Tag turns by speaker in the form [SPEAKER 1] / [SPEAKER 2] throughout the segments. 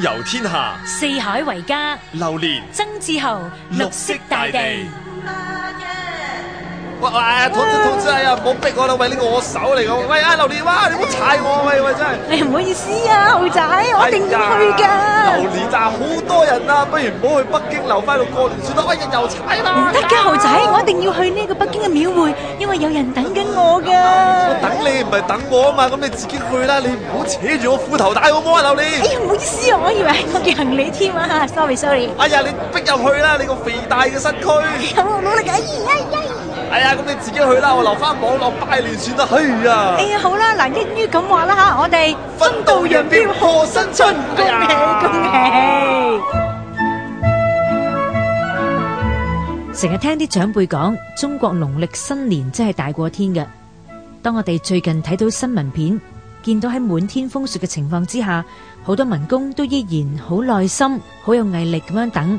[SPEAKER 1] 遊天下，
[SPEAKER 2] 四海為家。
[SPEAKER 1] 流連蓮曾志豪，綠色大地。喂，同志同志啊，唔好逼我啦，喂呢個我手嚟噶，喂阿榴蓮哇，你唔好踩我喂喂真係。你唔好意思啊，豪仔，我一定要去噶。榴蓮咋好多人啊，不如唔好去北京留翻度過年，算啦一日又踩啦。唔得㗎豪仔，我一定要去呢個北京嘅廟會，因為有人等緊我噶。我等你唔係等我啊嘛，咁你自己去啦，你唔好扯住我褲頭帶好冇啊榴蓮。哎呀，唔好意思啊，我以為係我
[SPEAKER 2] 嘅行李添啊，sorry sorry。哎呀，你逼
[SPEAKER 1] 入去啦，你個肥大嘅身軀。有努力嘅，哎呀呀。哎呀，咁你自己去啦，我留翻網絡拜年算啦。嘿呀！哎呀，
[SPEAKER 2] 好啦，嗱，一於咁話啦吓，我哋
[SPEAKER 1] 分道揚鑣賀新春，恭喜恭喜！
[SPEAKER 2] 成日聽啲長輩講，中國農曆新年真係大過天嘅。當我哋最近睇到新聞片，見到喺滿天風雪嘅情況之下，好多民工都依然好耐心、好有毅力咁樣等。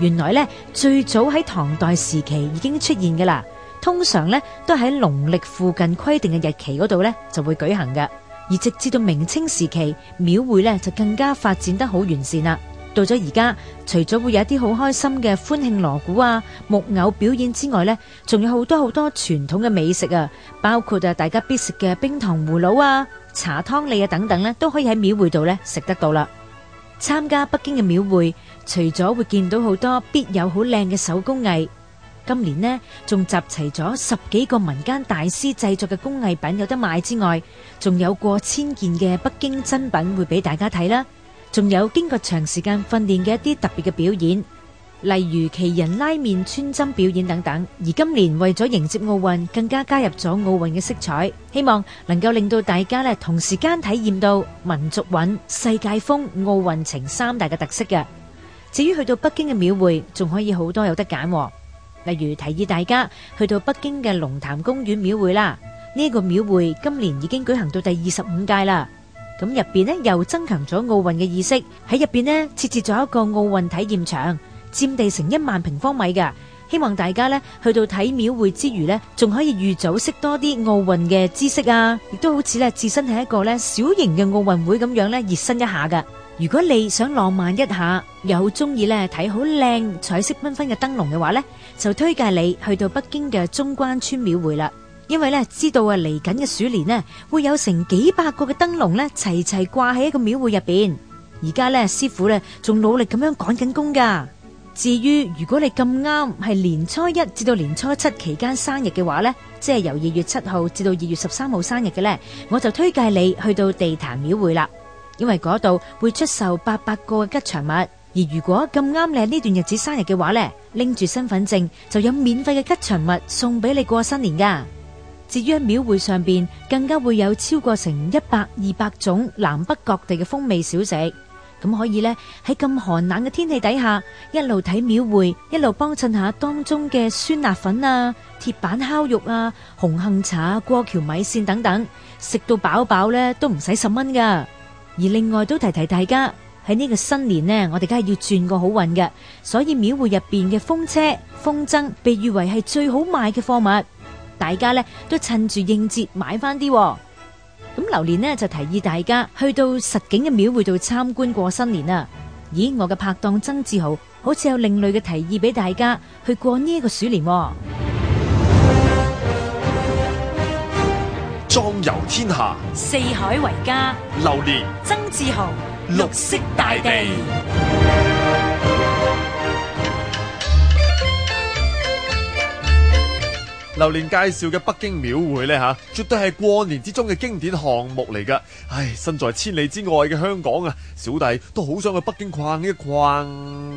[SPEAKER 2] 原來呢最早喺唐代時期已經出現嘅啦，通常呢都喺農曆附近規定嘅日期嗰度呢就會舉行嘅。而直至到明清時期，廟會呢就更加發展得好完善啦。到咗而家，除咗會有一啲好開心嘅歡慶鑼鼓啊、木偶表演之外呢，仲有好多好多傳統嘅美食啊，包括啊大家必食嘅冰糖葫蘆啊、茶湯裏啊等等呢都可以喺廟會度呢食得到啦。參加北京嘅廟會，除咗會見到好多必有好靚嘅手工藝，今年呢仲集齊咗十幾個民間大師製作嘅工藝品有得賣之外，仲有過千件嘅北京珍品會俾大家睇啦，仲有經過長時間訓練嘅一啲特別嘅表演。例如奇人拉麵穿針表演等等，而今年為咗迎接奧運，更加加入咗奧運嘅色彩，希望能夠令到大家呢同時間體驗到民族韻、世界風、奧運情三大嘅特色嘅。至於去到北京嘅廟會，仲可以好多有得揀，例如提議大家去到北京嘅龍潭公園廟會啦。呢個廟會今年已經舉行到第二十五屆啦，咁入邊呢又增強咗奧運嘅意識，喺入邊呢設置咗一個奧運體驗場。佔地成一萬平方米嘅，希望大家呢，去到睇廟會之餘呢，仲可以預早識多啲奧運嘅知識啊！亦都好似呢，置身喺一個咧小型嘅奧運會咁樣呢，熱身一下嘅。如果你想浪漫一下，又好中意呢，睇好靚彩色繽紛嘅燈籠嘅話呢，就推介你去到北京嘅中關村廟會啦。因為呢，知道啊，嚟緊嘅鼠年呢，會有成幾百個嘅燈籠呢齊齊掛喺一個廟會入邊。而家呢，師傅呢，仲努力咁樣趕緊工噶。至於如果你咁啱係年初一至到年初七期間生日嘅話呢，即係由二月七號至到二月十三號生日嘅呢，我就推介你去到地壇廟會啦，因為嗰度會出售八百個吉祥物，而如果咁啱你喺呢段日子生日嘅話呢，拎住身份證就有免費嘅吉祥物送俾你過新年噶。至於廟會上邊更加會有超過成一百二百種南北各地嘅風味小食。咁可以咧喺咁寒冷嘅天氣底下，一路睇廟會，一路幫襯下當中嘅酸辣粉啊、鐵板烤肉啊、紅杏茶、過橋米線等等，食到飽飽咧都唔使十蚊噶。而另外都提提大家喺呢個新年呢，我哋梗係要轉個好運嘅，所以廟會入邊嘅風車、風箏被譽為係最好賣嘅貨物，大家咧都趁住應節買翻啲。咁流年呢，就提議大家去到實景嘅廟會度參觀過新年啦、啊！咦，我嘅拍檔曾志豪好似有另類嘅提議俾大家去過呢一個鼠年、啊。
[SPEAKER 1] 壯遊天下，
[SPEAKER 2] 四海為家。
[SPEAKER 1] 流年蓮，
[SPEAKER 2] 曾志豪，
[SPEAKER 1] 綠色大地。榴蓮介紹嘅北京廟會呢，吓絕對係過年之中嘅經典項目嚟噶。唉，身在千里之外嘅香港啊，小弟都好想去北京逛一逛。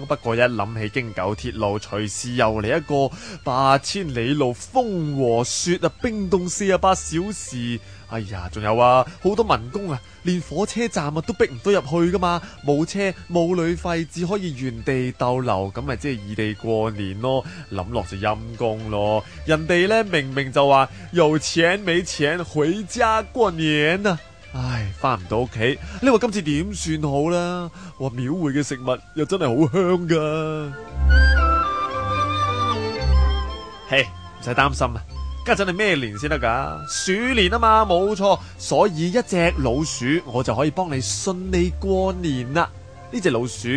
[SPEAKER 1] 不過一諗起京九鐵路，隨時又嚟一個八千里路風和雪啊，冰凍四十八小時。哎呀，仲有啊，好多民工啊，連火車站啊都逼唔到入去噶嘛，冇車冇旅費，只可以原地逗留，咁咪即係異地過年咯。諗落就陰功咯，人哋呢，明明就話有錢沒錢回家過年啊，唉，返唔到屋企，你話今次點算好啦？哇，廟會嘅食物又真係好香噶，嘿，唔使擔心啊。家陣係咩年先得噶？鼠年啊嘛，冇錯。所以一隻老鼠，我就可以幫你順利過年啦。呢隻老鼠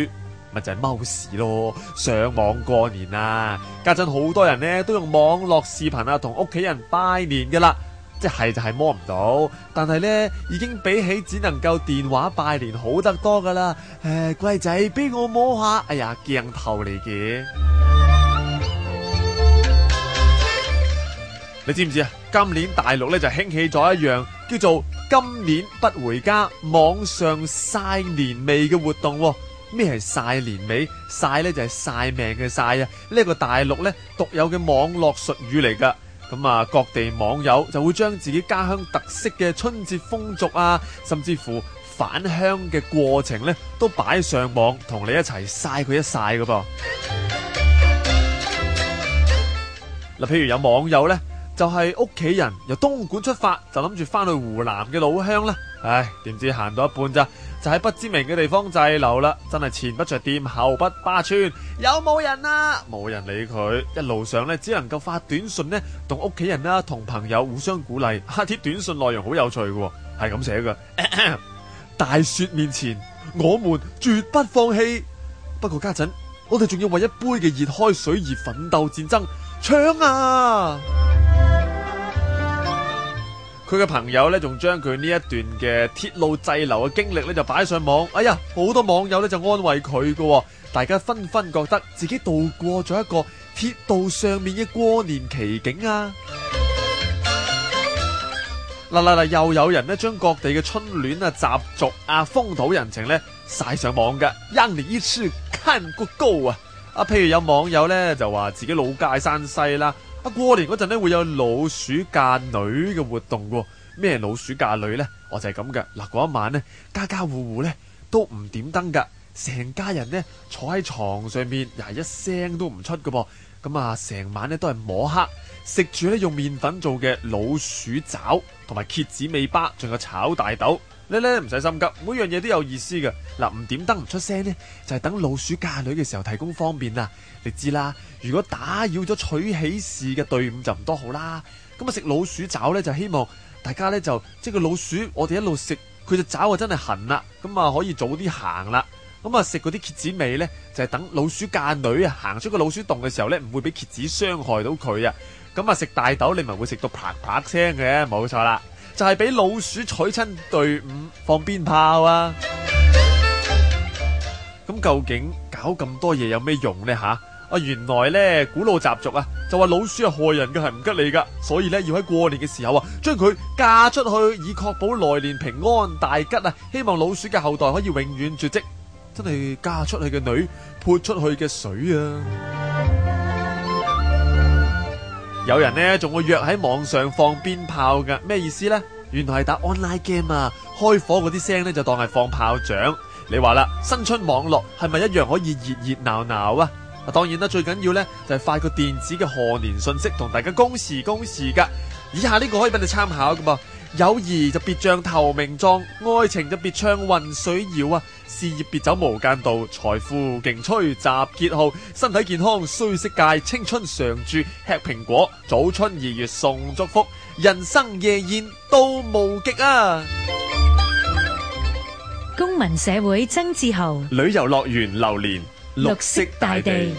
[SPEAKER 1] 咪就係、是、貓屎咯。上網過年啦，家陣好多人呢，都用網絡視頻啊，同屋企人拜年噶啦。即係就係摸唔到，但係呢已經比起只能夠電話拜年好得多噶啦。誒、呃，乖仔俾我摸下，哎呀，鏡頭嚟嘅。你知唔知啊？今年大陸咧就興起咗一樣叫做“今年不回家，網上晒年味”嘅活動。咩係晒年味？晒呢就係晒命嘅晒啊！呢個大陸呢獨有嘅網絡術語嚟噶。咁啊，各地網友就會將自己家鄉特色嘅春節風俗啊，甚至乎返鄉嘅過程呢，都擺上網，同你一齊晒佢一晒噶噃。嗱，譬如有網友呢。就係屋企人由東莞出發，就諗住翻去湖南嘅老鄉啦。唉，點知行到一半咋就喺不知名嘅地方滯留啦。真係前不着店後不巴村，有冇人啊？冇人理佢。一路上呢，只能夠發短信呢，同屋企人啦，同朋友互相鼓勵。哈、啊、啲短信內容好有趣嘅，係咁寫嘅：大雪面前，我們絕不放棄。不過家陣，我哋仲要為一杯嘅熱開水而奮鬥戰爭，搶啊！佢嘅朋友咧，仲將佢呢一段嘅鐵路滯留嘅經歷呢就擺上網。哎呀，好多網友呢就安慰佢嘅，哦，大家紛紛覺得自己度過咗一個鐵道上面嘅過年奇景啊！嗱嗱嗱，又有人咧將各地嘅春聯啊、習俗啊、風土人情呢晒上網嘅，一年一次，睇個夠啊！啊，譬如有網友呢，就話自己老家喺山西啦。過年嗰陣咧會有老鼠嫁女嘅活動喎，咩老鼠嫁女呢？我就係咁嘅。嗱，嗰一晚呢，家家戶戶呢都唔點燈噶，成家人呢坐喺床上面，呀一聲都唔出噶噃，咁啊成晚呢都係摸黑食住呢用麵粉做嘅老鼠爪同埋蠍子尾巴，仲有炒大豆。咧咧唔使心急，每樣嘢都有意思㗎。嗱，唔點燈唔出聲呢，就係等老鼠嫁女嘅時候提供方便啊！你知啦，如果打擾咗娶喜事嘅隊伍就唔多好啦。咁啊食老鼠爪呢，就希望大家呢，就即係個老鼠，我哋一路食，佢隻爪啊真係痕啦，咁啊可以早啲行啦。咁啊食嗰啲蠍子尾呢，就係等老鼠嫁女啊行出個老鼠洞嘅時候呢，唔會俾蠍子傷害到佢啊。咁啊食大豆你咪會食到啪啪聲嘅，冇錯啦。就係俾老鼠娶親隊伍放鞭炮啊！咁究竟搞咁多嘢有咩用呢？吓？啊，原來呢古老習俗啊，就話老鼠係害人嘅，係唔吉利噶，所以呢，要喺過年嘅時候啊，將佢嫁出去，以確保來年平安大吉啊！希望老鼠嘅後代可以永遠絕跡，真係嫁出去嘅女潑出去嘅水啊！有人呢仲會約喺網上放鞭炮噶，咩意思呢？原來係打 online game 啊，開火嗰啲聲呢就當係放炮仗。你話啦，新春網絡係咪一樣可以熱熱鬧鬧啊？當然啦，最緊要呢就係、是、發個電子嘅賀年信息同大家恭喜恭喜噶。以下呢個可以俾你參考噶嘛。友誼就別像投名狀，愛情就別唱雲水謠啊！事業別走無間道，財富勁吹集結號，身體健康雖色戒，青春常駐吃蘋果。早春二月送祝福，人生夜宴到無極啊！公
[SPEAKER 2] 民社會曾志豪，
[SPEAKER 1] 旅遊樂園榴蓮，綠色大地。